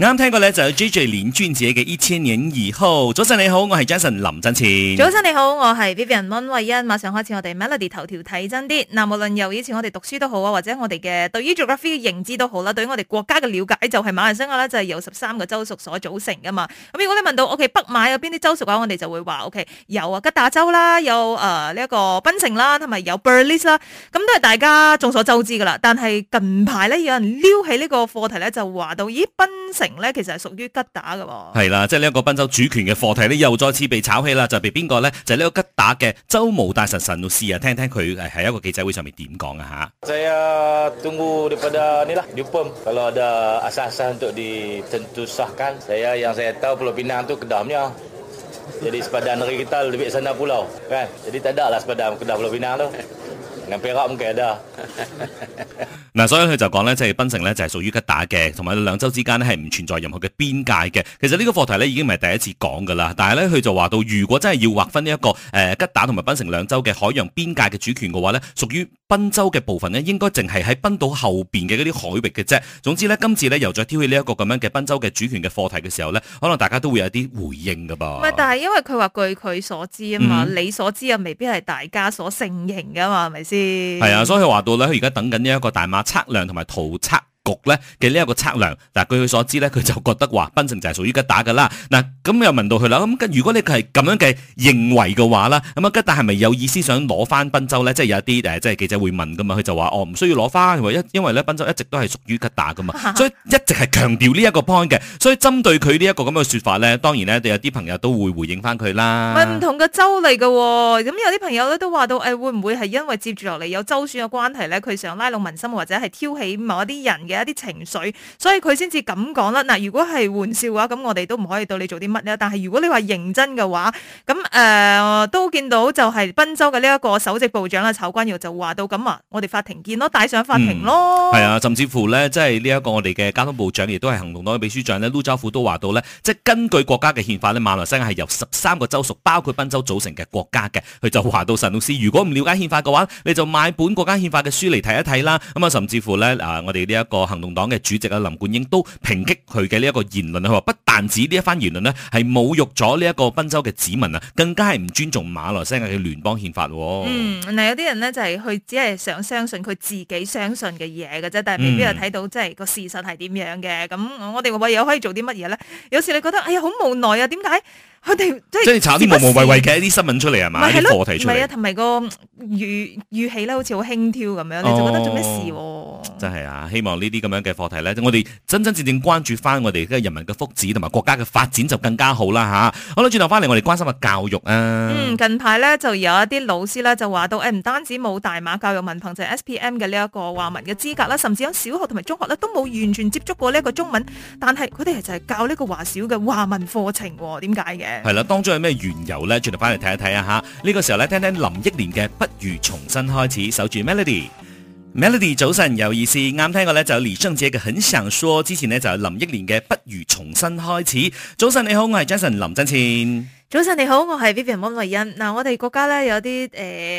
啱聽過咧就係 J J 連專者嘅一千年以後。早晨你好，我係 Jason 林振前。早晨你好，我係 Vivian 溫慧欣。馬上開始我哋 Melody 頭條睇真啲。嗱、呃，無論由以前我哋讀書都好啊，或者我哋嘅對於 Geography 嘅認知都好啦，對於我哋國家嘅了解就係、是、馬來西亞咧就係由十三個州屬所組成噶嘛。咁、呃、如果你問到 O、okay, K 北馬有邊啲州屬嘅話，我哋就會話 O K 有啊吉打州啦，有誒呢一個檳城啦，同埋有 Perlis 啦，咁都係大家眾所周知噶啦。但係近排咧有人撩起個課呢個課題咧就話到咦檳城。咧其實係屬於吉打嘅喎，係啦，即係呢一個賓州主權嘅課題咧，又再次被炒起啦。就係邊個咧？就係呢個吉打嘅州務大臣沙努西啊，聽聽佢係喺一個記者會上面點講啊嚇。俾嘅啫，嗱，所以佢就講咧，即係檳城咧就係屬於吉打嘅，同埋兩州之間咧係唔存在任何嘅邊界嘅。其實個課呢個課題咧已經唔係第一次講噶啦，但係咧佢就話到，如果真係要劃分呢、這、一個誒、呃、吉打同埋檳城兩州嘅海洋邊界嘅主權嘅話咧，屬於。賓州嘅部分咧，應該淨係喺賓島後邊嘅嗰啲海域嘅啫。總之咧，今次咧又再挑起呢一個咁樣嘅賓州嘅主權嘅課題嘅時候咧，可能大家都會有啲回應噶噃。唔係，但係因為佢話據佢所知啊嘛，嗯、你所知又未必係大家所承認噶嘛，係咪先？係啊，所以佢話到咧，佢而家等緊呢一個大馬測量同埋圖測局咧嘅呢一個測量，但係據佢所知咧，佢就覺得話檳城就係屬於吉打嘅啦。嗱，咁又問到佢啦。咁、嗯，如果你佢係咁樣嘅認為嘅話啦，咁、嗯、吉打係咪有意思想攞翻檳州咧？即係有啲誒，即係記者會問噶嘛。佢就話：哦，唔需要攞翻，因為因為咧檳州一直都係屬於吉打嘅嘛， 所以一直係強調呢一個 point 嘅。所以針對佢呢一個咁嘅説法咧，當然咧，有啲朋友都會回應翻佢啦。唔同嘅州嚟嘅、哦，咁有啲朋友咧都話到誒、哎，會唔會係因為接住落嚟有州選嘅關係咧？佢想拉攏民心或者係挑起某一啲人嘅一啲情緒，所以佢先至咁講啦。嗱，如果係玩笑嘅話，咁我哋都唔可以對你做啲乜咧。但係如果你話認真嘅話，咁誒、呃、都見到就係賓州嘅呢一個首席部長啦，曹君耀就話到咁啊，我哋法庭見咯，帶上法庭咯。係、嗯、啊，甚至乎咧，即係呢一個我哋嘅交通部長，亦都係行動黨嘅秘書長咧，盧州府都話到咧，即係根據國家嘅憲法咧，馬來西亞係由十三個州屬，包括賓州組成嘅國家嘅。佢就話到神老師，如果唔了解憲法嘅話，你就買本國家憲法嘅書嚟睇一睇啦。咁啊，甚至乎咧啊，我哋呢一個。行動黨嘅主席啊林冠英，都抨擊佢嘅呢一個言論。佢話不但止呢一番言論呢係侮辱咗呢一個檳州嘅子民啊，更加係唔尊重馬來西亞嘅聯邦憲法。嗯，嗱，有啲人呢就係佢只係想相信佢自己相信嘅嘢嘅啫，但係未必有睇到即係個事實係點樣嘅。咁、嗯、我哋唯有可以做啲乜嘢咧？有時你覺得哎呀好無奈啊，點解？佢哋即係查啲無無謂謂嘅一啲新聞出嚟係嘛？啲是課題出嚟，唔係啊，同埋個語語氣咧，好似好輕佻咁樣，你就覺得做咩事喎？真係啊！希望呢啲咁樣嘅課題咧，我哋真真正正關注翻我哋人民嘅福祉同埋國家嘅發展就更加好啦嚇、啊！好啦，轉頭翻嚟，我哋關心下教育啊。嗯，近排咧就有一啲老師咧就話到誒，唔、哎、單止冇大馬教育文憑就係 S P M 嘅呢一個華文嘅資格啦，甚至響小學同埋中學咧都冇完全接觸過呢一個中文，但係佢哋就實係教呢個華小嘅華文課程喎？點解嘅？係啦，當中有咩緣由呢？轉頭翻嚟睇一睇啊！吓、這、呢個時候咧，聽聽林憶蓮嘅《不如重新開始》，守住 Melody。Melody 早晨，有意思。啱聽過咧，就有李雙姐嘅《很想說》。之前呢，就有林憶蓮嘅《不如重新開始》。早晨你好，我係 Jason 林振倩。早晨你好，我係 Vivian 溫慧恩。嗱，我哋國家咧有啲誒，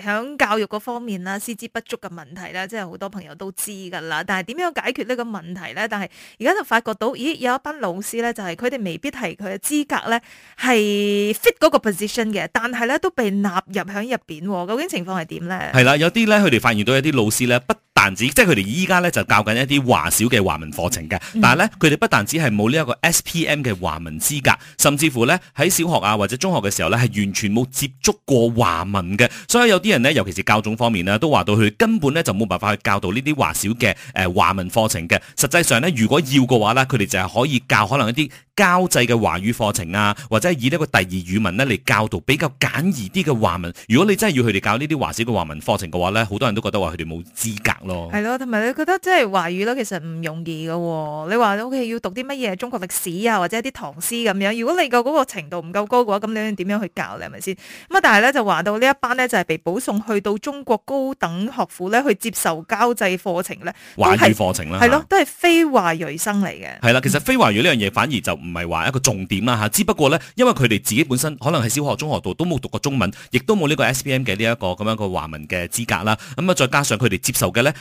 喺、呃、教育嗰方面啦，師資不足嘅問題啦，即係好多朋友都知噶啦。但係點樣解決呢個問題咧？但係而家就發覺到，咦，有一班老師咧，就係佢哋未必係佢嘅資格咧，係 fit 嗰個 position 嘅，但係咧都被納入喺入邊。究竟情況係點咧？係啦，有啲咧，佢哋發現到有啲老師咧不。即係佢哋依家咧就教緊一啲華小嘅華文課程嘅，但係咧佢哋不但止係冇呢一個 S P M 嘅華文資格，甚至乎咧喺小學啊或者中學嘅時候咧係完全冇接觸過華文嘅，所以有啲人呢，尤其是教總方面呢，都話到佢根本咧就冇辦法去教導呢啲華小嘅誒、呃、華文課程嘅。實際上呢，如果要嘅話呢，佢哋就係可以教可能一啲交際嘅華語課程啊，或者係以呢個第二語文呢嚟教導比較簡易啲嘅華文。如果你真係要佢哋教呢啲華小嘅華文課程嘅話呢，好多人都覺得話佢哋冇資格咯。係咯，同埋你覺得即係華語咧，其實唔容易嘅喎，哦。你話你屋企要讀啲乜嘢？中國歷史啊，或者啲唐詩咁樣。如果你個嗰個程度唔夠高嘅話，咁你點樣去教你係咪先？咁啊，但係咧就話到呢一班呢，就係，是，被保送去到中國高等學府咧，去接受交際課程咧，華語課程啦，係咯是，的都係非華裔生嚟嘅。係啦，其實非華裔呢樣嘢反而就唔係話一個重點啦吓，嗯，只不過咧，因為佢哋自己本身可能喺小學、中學度都冇讀過中文，亦都冇呢個 S P M 嘅呢一個咁樣嘅華文嘅資格啦。咁啊，再加上佢哋接受嘅咧。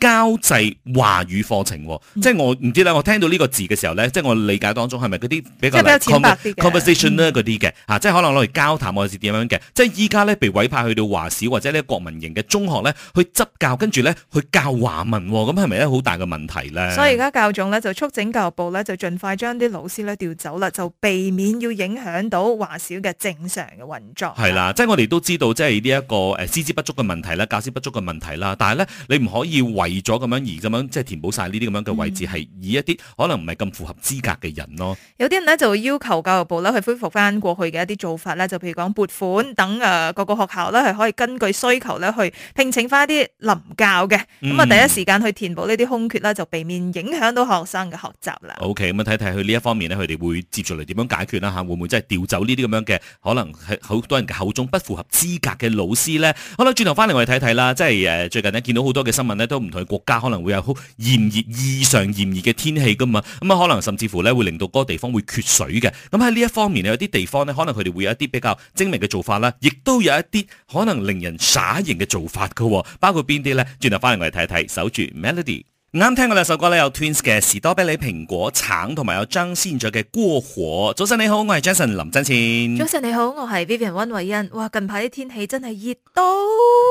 交際華語課程，嗯、即係我唔知啦。我聽到呢個字嘅時候咧，即係我理解當中係咪嗰啲比較淺白啲嘅 conversation 咧嗰啲嘅、啊、即係可能攞嚟交談或者是點樣嘅。即係依家咧被委派去到華小或者呢國民型嘅中學咧去執教，跟住咧去教華文，咁係咪咧好大嘅問題咧？所以而家教總咧就促請教育部咧就盡快將啲老師咧調走啦，就避免要影響到華小嘅正常嘅運作。係啦、嗯，即係我哋都知道，即係呢一個誒師資不足嘅問題啦，教師不足嘅問題啦，但係咧你唔可以為而咗咁樣而咁樣，即係填補晒呢啲咁樣嘅位置，係以一啲可能唔係咁符合資格嘅人咯。嗯、有啲人呢，就會要求教育部咧去恢復翻過去嘅一啲做法咧，就譬如講撥款等啊，各個學校咧係可以根據需求咧去聘請翻一啲臨教嘅，咁啊、嗯、第一時間去填補呢啲空缺咧，就避免影響到學生嘅學習啦。嗯嗯、OK，咁啊睇睇佢呢一方面呢，佢哋會接住嚟點樣解決啦吓？會唔會即係調走呢啲咁樣嘅可能係好多人嘅口中不符合資格嘅老師咧？好啦，轉頭翻嚟我哋睇睇啦，即係誒最近呢，見到好多嘅新聞呢，都唔同。國家可能會有好炎熱異常炎熱嘅天氣噶嘛，咁、嗯、啊可能甚至乎咧會令到嗰個地方會缺水嘅。咁喺呢一方面有啲地方咧可能佢哋會有一啲比較精明嘅做法啦，亦都有一啲可能令人耍型嘅做法噶、哦，包括邊啲呢？轉頭翻嚟我哋睇一睇，守住 melody。啱聽過兩首歌咧，有 Twins 嘅士多啤梨蘋果橙，同埋有張信哲嘅過火。早晨你好，我係 Jason 林振前。早晨你好，我係 Vivian 温慧欣。哇，近排啲天氣真係熱到。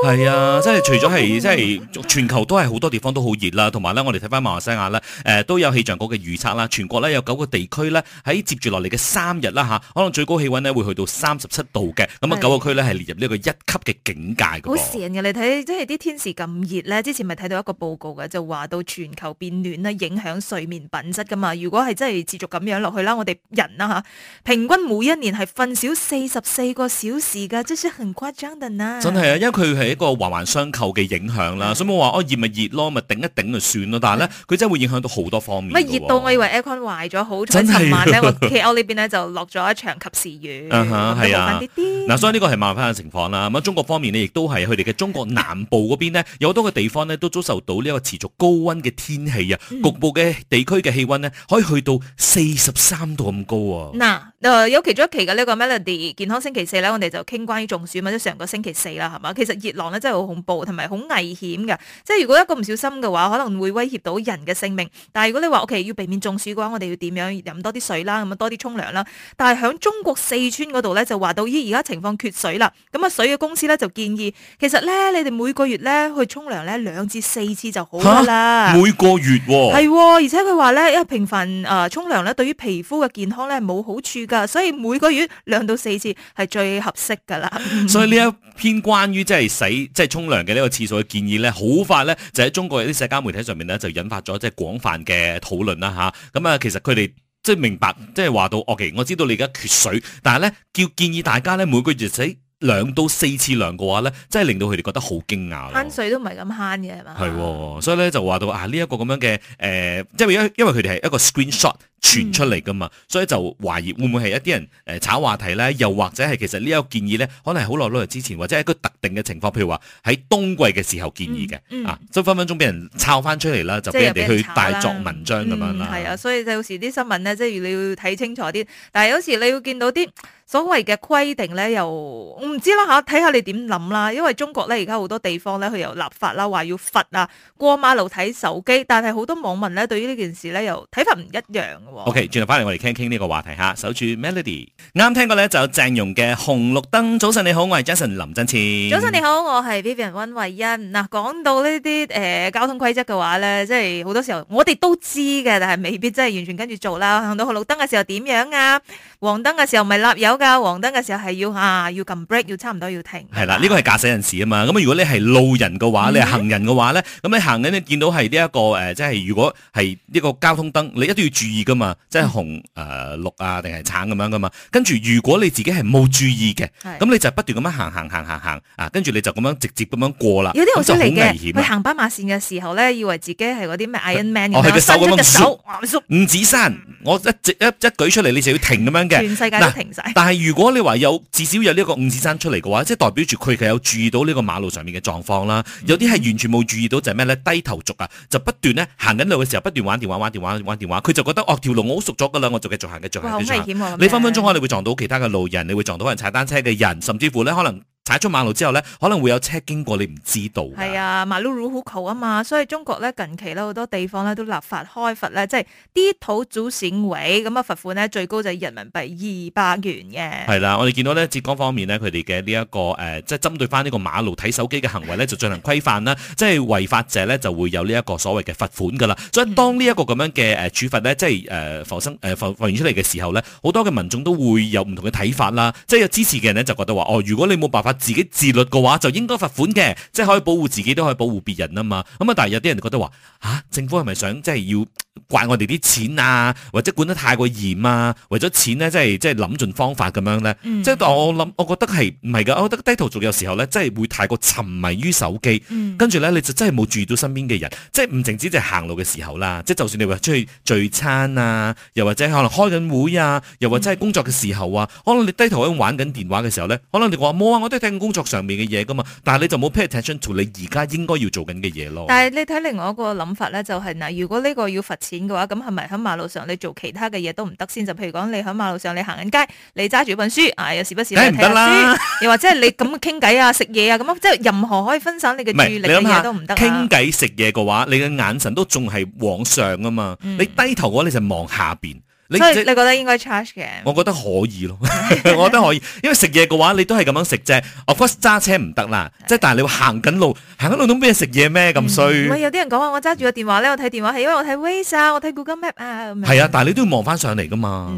係啊，即係除咗係，即係全球都係好多地方都好熱啦。同埋咧，我哋睇翻馬來西亞啦，誒、呃，都有氣象局嘅預測啦，全國咧有九個地區咧喺接住落嚟嘅三日啦吓，可能最高氣溫咧會去到三十七度嘅。咁啊是，九個區咧係列入呢一個一級嘅境界。好熱嘅你睇，即係啲天時咁熱咧，之前咪睇到一個報告嘅，就話到。全球變暖咧影響睡眠品質噶嘛？如果係真係持續咁樣落去啦，我哋人啦、啊、嚇，平均每一年係瞓少四十四個小時噶，真是很誇張的。真係啊，因為佢係一個環環相扣嘅影響啦，的所以我話哦熱咪熱咯，咪頂一頂就算咯。但係咧，佢的真係會影響到好多方面、啊。乜熱到我以為 Aircon 壞咗，好彩尋晚咧屋企我呢邊咧就落咗一場及時雨，涼翻啲啲。嗱，所以呢個係麻煩嘅情況啦。咁啊，中國方面呢，亦都係佢哋嘅中國南部嗰邊咧， 有好多嘅地方呢，都遭受到呢一個持續高溫。嘅天氣啊，局部嘅地區嘅氣溫呢，可以去到四十三度咁高啊！嗱、嗯，誒、呃，有其中一期嘅呢個 Melody 健康星期四咧，我哋就傾關於中暑嘛，即係上個星期四啦，係嘛？其實熱浪咧真係好恐怖，同埋好危險噶。即係如果一個唔小心嘅話，可能會威脅到人嘅性命。但係如果你話，我哋、OK，要避免中暑嘅話，我哋要樣點樣飲多啲水啦，咁啊多啲沖涼啦。但係響中國四川嗰度咧，就話到依而家情況缺水啦。咁啊，水嘅公司咧就建議，其實咧你哋每個月咧去沖涼咧兩至四次就好啦。啊每個月係、哦哦，而且佢話咧，因為平凡誒沖涼咧，呃、對於皮膚嘅健康咧冇好處噶，所以每個月兩到四次係最合適噶啦。嗯、所以呢一篇關於即係洗即係沖涼嘅呢個次數嘅建議咧，好快咧就喺中國有啲社交媒體上面咧就引發咗即係廣泛嘅討論啦吓。咁啊、嗯，其實佢哋即係明白，即係話到，我、OK，其我知道你而家缺水，但係咧叫建議大家咧每個月洗。兩到四次量嘅話咧，真係令到佢哋覺得好驚訝。慳水都唔係咁慳嘅係嘛？係，所以咧就話到啊，呢一個咁樣嘅誒，即係因為佢哋係一個 Screenshot 傳出嚟噶嘛，所以就懷、啊這個呃嗯、疑會唔會係一啲人誒炒、呃、話題咧，又或者係其實呢一個建議咧，可能係好耐耐之前或者係一個特定嘅情況，譬如話喺冬季嘅時候建議嘅，嗯嗯、啊，所以分分鐘俾人抄翻出嚟啦，就俾人哋去大作文章咁樣啦。係、嗯、啊，所以有時啲新聞咧，即係要你要睇清楚啲，但係有時你會見到啲。所謂嘅規定咧，又我唔知啦嚇，睇、啊、下你點諗啦。因為中國咧，而家好多地方咧，佢又立法啦，話要罰啊，過馬路睇手機。但係好多網民咧，對於呢件事咧，又睇法唔一樣。OK，轉頭返嚟，我哋傾傾呢個話題嚇。守住 Melody，啱聽過咧，就有鄭融嘅紅綠燈。早晨你好，我係 Jason 林振前。早晨你好，我係 Vivian 温慧欣。嗱、啊，講到呢啲誒交通規則嘅話咧，即係好多時候我哋都知嘅，但係未必真係完全跟住做啦。行到紅綠，綠燈嘅時候點樣啊？黃燈嘅時候咪立有。嘅黃燈嘅時候係要啊要撳 break 要差唔多要停。係啦，呢個係駕駛人士啊嘛。咁如果你係路人嘅話，你係行人嘅話咧，咁你行緊你見到係呢一個誒，即係如果係一個交通燈，你一定要注意噶嘛。即係紅誒綠啊，定係橙咁樣噶嘛。跟住如果你自己係冇注意嘅，咁你就不斷咁樣行行行行行啊。跟住你就咁樣直接咁樣過啦。有啲好犀利嘅。佢行斑馬線嘅時候咧，以為自己係嗰啲咩 Iron Man，哦係個手咁樣手，五指山，我一直一一舉出嚟，你就要停咁樣嘅。全世界都停晒。係如果你話有至少有呢個五指山出嚟嘅話，即係代表住佢其實有注意到呢個馬路上面嘅狀況啦。嗯、有啲係完全冇注意到就係咩咧？低頭族啊，就不斷咧行緊路嘅時候，不斷玩電話、玩電話、玩電話，佢就覺得哦，條路我好熟咗噶啦，我就繼續行繼續行。哇，好危險啊、你分分鐘可能會撞到其他嘅路人，啊、你會撞到人踩單車嘅人，甚至乎咧可能。踩出馬路之後咧，可能會有車經過，你唔知道。係啊，馬路好闊啊嘛，所以中國咧近期咧好多地方咧都立法開罰咧，即係啲土主選位。咁啊罰款咧最高就係人民幣二百元嘅。係啦，我哋見到咧浙江方面咧佢哋嘅呢一個誒，即係針對翻呢個馬路睇手機嘅行為咧就進行規範啦，即係違法者咧就會有呢一個所謂嘅罰款噶啦。所以當呢一個咁樣嘅誒處罰咧，即係誒浮生誒浮浮現出嚟嘅時候咧，好多嘅民眾都會有唔同嘅睇法啦。即係有支持嘅人咧就覺得話哦，如果你冇辦法。自己自律嘅話就應該罰款嘅，即係可以保護自己都可以保護別人啊嘛。咁、嗯、啊，但係有啲人就覺得話嚇政府係咪想即係要怪我哋啲錢啊，或者管得太過嚴啊？為咗錢咧，即係即係諗盡方法咁樣咧。嗯、即係我諗，我覺得係唔係㗎？我覺得低頭族有時候咧，真係會太過沉迷於手機，嗯、跟住咧你就真係冇注意到身邊嘅人。即係唔淨止就係行路嘅時候啦，即係就算你話出去聚餐啊，又或者可能開緊會啊，又或者係工作嘅時候啊，嗯、可能你低頭喺度玩緊電話嘅時候咧，可能你話冇啊，我都睇。工作上面嘅嘢噶嘛，但係你就冇 pay attention to 你而家應該要做緊嘅嘢咯。但係你睇另外一個諗法咧，就係、是、嗱，如果呢個要罰錢嘅話，咁係咪喺馬路上你做其他嘅嘢都唔得先？就譬如講，你喺馬路上你行緊街，你揸住本書啊，又時不時嚟睇下書，又 或者係你咁傾偈啊、食嘢啊咁樣，即係任何可以分散你嘅注意力嘅嘢都唔得、啊。傾偈食嘢嘅話，你嘅眼神都仲係往上啊嘛，嗯、你低頭嘅話你就望下邊。你，你覺得應該 charge 嘅？我覺得可以咯， 我覺得可以，因為食嘢嘅話，你都係咁樣食啫。of course 揸車唔得啦，即係對 但係你會行緊路，行緊路都咩食嘢咩咁衰？唔係。嗯、有啲人講話，我揸住個電話咧，我睇電話係因為我睇 Visa 我睇 Google Map 啊，係啊，但係你都要望翻上嚟噶嘛，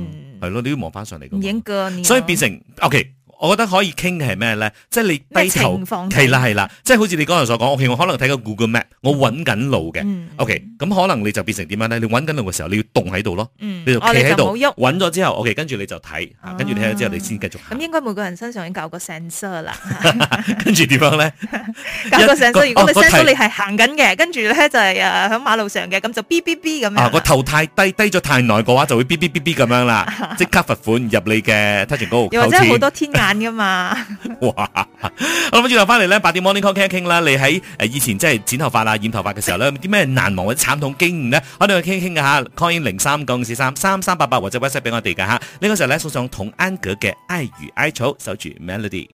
係咯，嗯，你都要望翻上嚟噶嘛。嚴格，所以變成 OK。我覺得可以傾嘅係咩咧？即係你低頭，係啦係啦，即係好似你剛才所講，我可能睇個 Google Map，我揾緊路嘅。O K，咁可能你就變成點樣咧？你揾緊路嘅時候，你要棟喺度咯，你就企喺度，揾咗之後，O K，跟住你就睇，跟住你睇咗之後，你先繼續。咁應該每個人身上已經搞個 sensor 啦。跟住點樣咧？搞個 sensor，如果我 sensor 到你係行緊嘅，跟住咧就係誒喺馬路上嘅，咁就 b b b 咁樣。個頭太低低咗太耐嘅話，就會 b b b 咁樣啦，即刻罰款入你嘅 touching Go。又或者好多天眼。噶嘛，哇！我諗住頭翻嚟咧，八點 morning call 傾一傾啦。你喺誒、呃、以前即係剪頭髮啊、染頭髮嘅時候咧，有啲咩難忘或者慘痛經驗咧？我哋去傾一傾噶 call in 零三九五四三三三八八或者 WhatsApp 俾我哋噶吓。這個、呢個時候咧送上童安格嘅愛與哀愁，守住 melody。